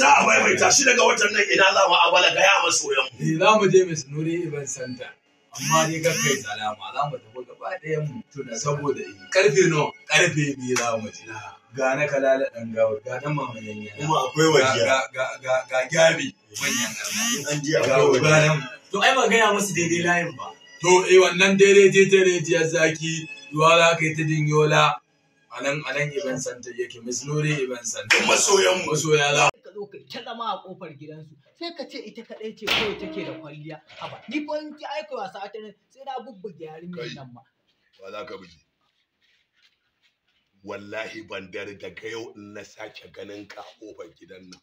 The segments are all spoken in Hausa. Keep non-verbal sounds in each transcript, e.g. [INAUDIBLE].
za a maimaita shi daga watan nan ina za mu abala ga ya masoyan mu eh, za mu je mai sunuri iban santa amma dai ka kai salama za mu tafi gaba ɗayan mu tuna saboda yi eh, karfe nawa? karfe biyu za mu je ga na kalala dan gawa ga dan maman yanya kuma akwai wajiya ga ga ga ga gyabi manyan an ji akwai wajiya to ai ba gaya musu daidai layin ba to eh wannan daidai daidai ya zaki yuwala kai ta dinyola anan anan iban santa yake misnore iban santa masoyan masoya za ka zo kai ta zama a kofar gidansu sai ka ce ita kadai ce kawai take da kwalliya haba ni ko in ki aika wasa ta nan sai na bubbuge yarin nan ma ba za ka biji wallahi ban dare daga yau in na sake ganin ka a kofar gidan nan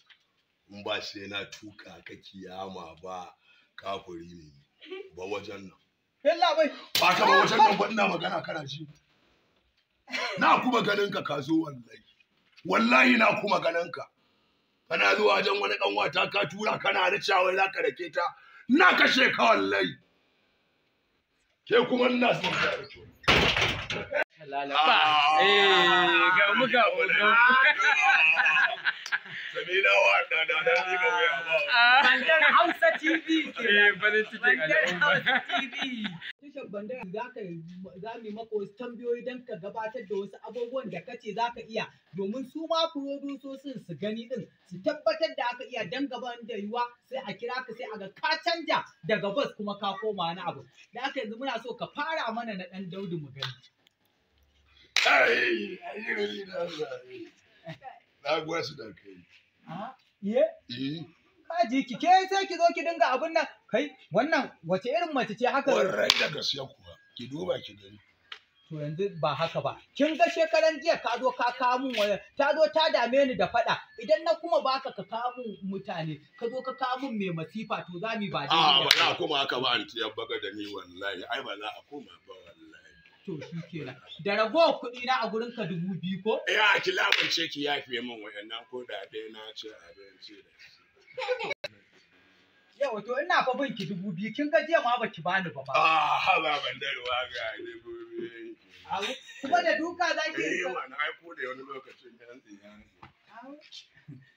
in ba sai na tuka ka kiyama ba kafuri ne ba wajen nan Yalla bai ba ka ba wajen nan ba ina magana kana ji na kuma ganin ka ka zo wallahi wallahi na kuma ganin ka kana zuwa wajen wani dan wata ka tura kana da cewa za ka rake ta na kashe ka wallahi ke kuma ina son ka rake [LAUGHS] Hassan Bandara za ka za mu maka wasu tambayoyi don ka gabatar da wasu abubuwan da ce za ka iya domin su ma furodusosin su gani din su tabbatar da aka iya don gaban da yiwa sai a kira ka sai a ga ka canja daga bas kuma ka koma na abu da aka yanzu muna so ka fara mana na dan daudu mu gani. na gwasu da kai. Ah, ji ki ke sai ki zo ki dinga abun nan kai wannan wace irin mace ce haka warrai da gaskiya kuwa ki duba ki gani to yanzu ba haka ba kin ga shekaran jiya ka zo ka kawo mun waya ta zo ta dame ni da fada idan na kuma baka ka kawo mun mutane ka zo ka kawo mun mai masifa to za mu ba dai a ba za kuma haka ba anti ya baga da ni wallahi ai ba za a koma ba wallahi to shi kenan da ragowar kuɗi na a gurin ka dubu biyu ko eh a ki lamunce ki yafe min wayannan ko da dai na ce abinci da shi Yawa to ina fa bin dubu biyu kin ga jiya ma baki bani ba ba. Ah ba ban da ruwa ga dubu biyu. Kuma da duka za ki yi. Eh mana ai ko da wani lokacin yan tsiyan.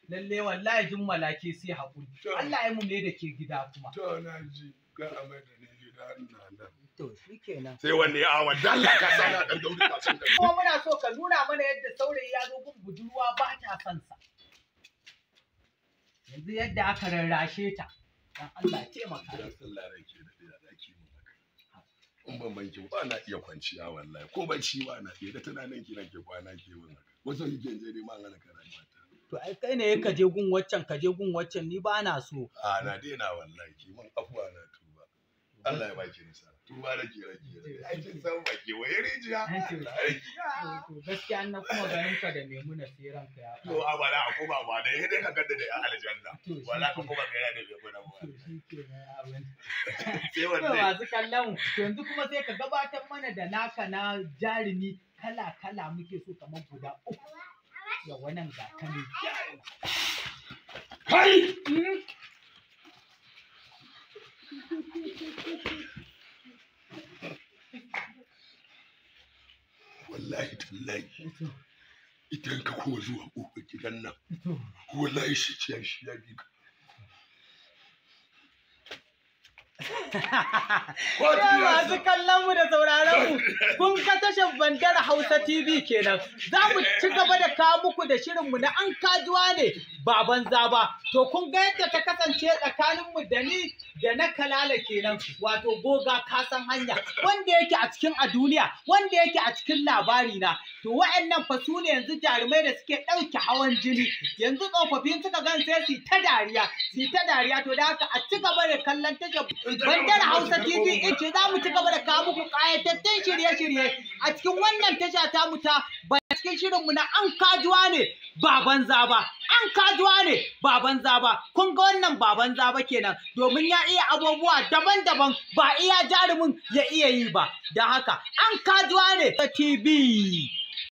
Lalle wallahi jin malaki sai hakuri. Allah ya mu ne da ke gida kuma. To na ji ga amai da ni gida ina nan. To shikenan. Sai wanne ya awa dalla ka sana dan dauri ka san da. Kuma muna so ka nuna mana yadda saurayi ya zo gun budurwa ba ta son sa. yanzu yadda aka rarrashe ta dan Allah taimaka da Allah rai ke da da daki mu in ban banki ba na iya kwanciya wallahi ko ci ba na iya da tunanin ki nake kwana ke mun wato kike je ne ma ngana karama ta to ai kai ne ka je gun waccan ka je gun waccan ni ba na so a na dena wallahi ki mun afuwa na Allah ya baki nasara da ke rage san rijiya gaskiya na kuma ganin ka da maimuna sai ranka ya to a bala ba ka gadda da ya aljanna wala ka kuma da maimuna ba [LAUGHS] sai wannan kallon yanzu kuma sai ka gabatar mana da naka na jarumi kala kala muke so kamar guda uku ya wannan ga kai hmm? wallahi tallahi idan ka kuma zuwa kofar gidan nan wallahi shi ce shi ya bi ka [LAUGHS] masu kallon mu da sauraron mu [LAUGHS] kun ka tashar bandar Hausa TV kenan za mu ci gaba da ka shirin shirinmu na an kajuwa ne ba banza ba to kun ga yadda ta kasance tsakaninmu da ni da na kalala kenan wato goga kasan hanya wanda yake a cikin a duniya wanda yake a cikin labari na to wa'annan fa su ne yanzu jarumai da suke ɗauke hawan jini yanzu tsofaffin suka gan sai su ta dariya su ta dariya to da haka a ci gaba da kallon tashar bandar hausa tv in ce za mu ci gaba da kawo muku ƙayatattun shirye-shirye a cikin wannan tasha ta muta cikin shirinmu na an kajuwa ne ba banza ba an kajuwa ne ba banza ba kun ga wannan ba banza ba kenan domin ya iya abubuwa daban-daban ba iya jarumin ya iya yi ba da haka an kajuwa ne ta tv